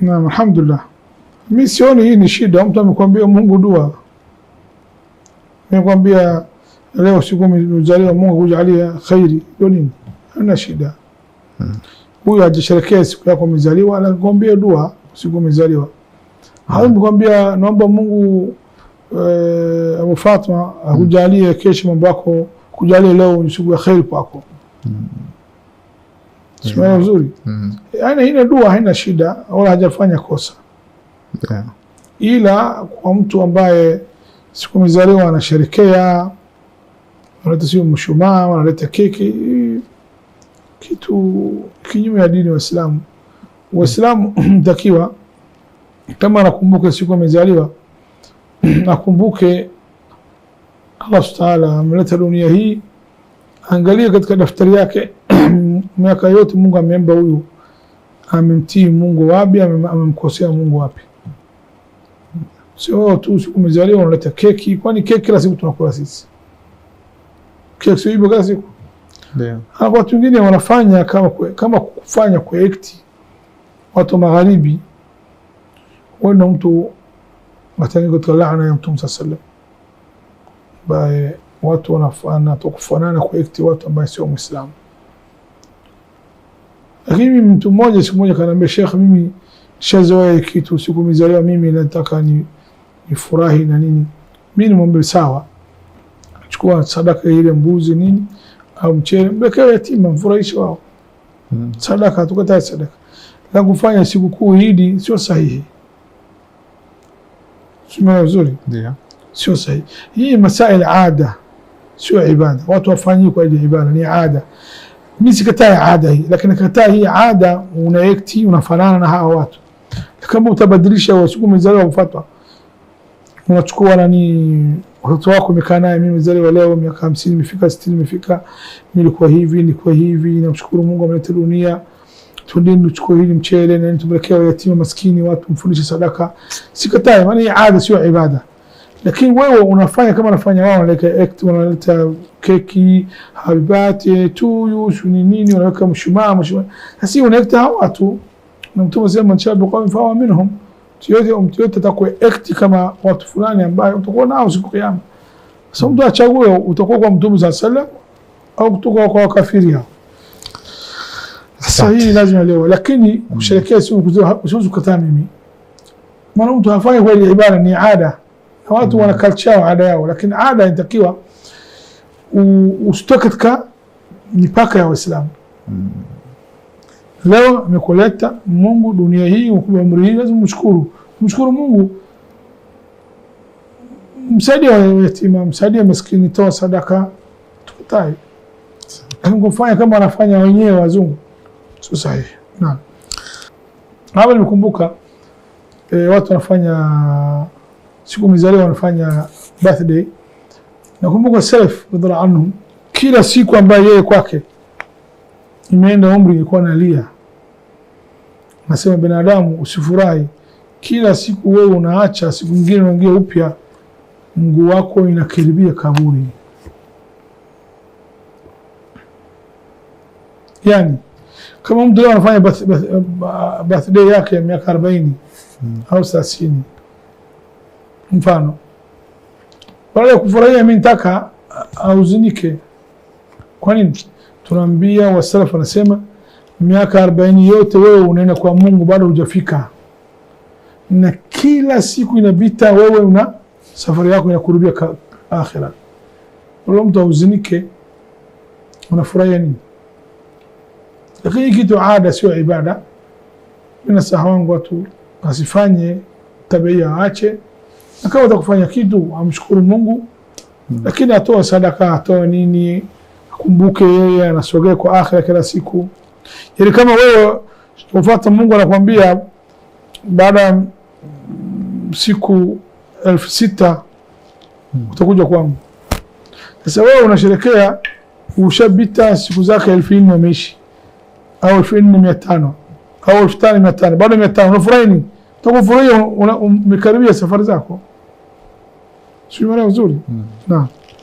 Naam, alhamdulillah. Mi sioni hii ni shida. Mtu amekwambia Mungu dua, amekwambia leo siku mzaliwa Mungu kujalia khairi, ndio nini? Hana shida huyu hmm. Ajisherekee siku yako mzaliwa, anakwambia dua siku mzaliwa hmm. Amekwambia naomba Mungu eh, Abu Fatma akujalie kesho mambo yako, kujalie leo ni siku ya khairi kwako hmm. Simama vizuri mm-hmm. mm. Mm-hmm. Yani ile dua haina shida, wala hajafanya kosa yeah. Ila kwa mtu ambaye siku mizaliwa anasherekea, analeta siu mshumaa, analeta keki, kitu kinyume ya dini Waislamu. Waislamu takiwa kama nakumbuka siku amezaliwa akumbuke Allah subhanahu wa ta'ala ameleta dunia hii, angalie katika daftari yake miaka yote Mungu amemba huyu, amemtii Mungu wapi? Amemkosea Mungu wapi? Sio wao tu, siku umezaliwa unaleta keki. Kwani keki kila siku tunakula sisi? Keki sio hivyo kila siku ndio. Hapo watu wengine wanafanya kama kwe, kama kufanya kuekti watu magharibi, wana mtu matani kutoka laana ya Mtume sa alaihi wasallam, bae watu wanafanya kwa kuekti watu ambao sio Muislamu. Lakini mtu mmoja siku moja kanaambia Sheikh, mimi shazoea kitu, siku nimezaliwa mimi nataka ni nifurahi na nini. Mimi nimwambia sawa, chukua sadaka ile mbuzi nini au mchele, mpelekee yatima, mfurahishe wao. Mm. Sadaka tukatae sadaka. Na kufanya siku kuu hidi sio sahihi. Sio vizuri. Ndio. Sio sahihi. Hii masail ada, sio ibada. Watu wafanyii kwa ajili ya ibada, ni ada mimi sikatai ada hii, lakini kataa hii ada unaekti unafanana na hawa watu. Kama utabadilisha wasiku wa kufuatwa, unachukua nani watoto wako, umekaa naye, mimi wa leo, miaka hamsini imefika, sitini imefika, nilikuwa hivi, nilikuwa hivi, namshukuru Mungu ameleta dunia Twendeni tuchukue hili mchele na tupelekee yatima maskini, watu mfundishe sadaka. Sikatai, maana hii ada sio ibada lakini wewe unafanya kama anafanya wao, wanaleta keki, happy birthday to you, shuni nini, wanaweka mshumaa mshumaa. Sasa unaleta hao watu, na Mtume sema man shabaha qawmin fahuwa minhum, mtu yote atakuwa act kama watu fulani ambao utakuwa nao siku ya Kiyama. Sasa mtu achague, utakuwa kwa Mtume za sala au kutoka kwa kafiri hao. Sasa hii lazima leo, lakini kusherekea siku kuzua usizukata mimi, maana mtu afanye kweli ibada ni ada na watu wana culture yao, ada yao, lakini ada inatakiwa usitoke katika mipaka ya Waislamu. Mm. Leo amekuleta Mungu dunia hii, umekuwa umri hii, lazima mshukuru, mshukuru Mungu, msaidie yatima, msaidie maskini, toa sadaka, tukutai kufanya kama wanafanya wenyewe wazungu, sio sahihi. Naam, hapa nimekumbuka e, watu wanafanya siku mzaliwa wanafanya birthday. Nakumbuka self radhiallahu anhu, kila siku ambayo yeye kwake imeenda umri ilikuwa nalia, nasema binadamu usifurahi kila siku, wewe unaacha, siku nyingine unaingia upya, mguu wako inakaribia kaburi. Yani kama mtu leo anafanya birthday yake ya miaka arobaini hmm. au thelathini Mfano, baada ya kufurahia mimi nitaka auzinike. Kwa nini? Tunaambia wasalafu wanasema miaka arobaini yote wewe unaenda kwa Mungu bado hujafika, na kila siku inapita, wewe una safari yako inakurubia akhira. Ule mtu auzinike, unafurahia nini? Lakini kitu ada, sio ibada. Mimi nasaha wangu watu asifanye tabia, aache na kama utakufanya kitu amshukuru Mungu mm. Lakini atoe sadaka, atoe nini, akumbuke yeye anasogea kwa akhira kila siku. Yani kama wewe ufuata Mungu anakwambia baada ya siku elfu sita mm. utakuja kwangu. Sasa wewe unasherekea ushabita siku zake elfu nne ameishi au elfu nne mia tano au elfu tano mia tano bado mia tano unafurahi nini? Utakufurahia umekaribia safari zako. شو ولا وزوري نعم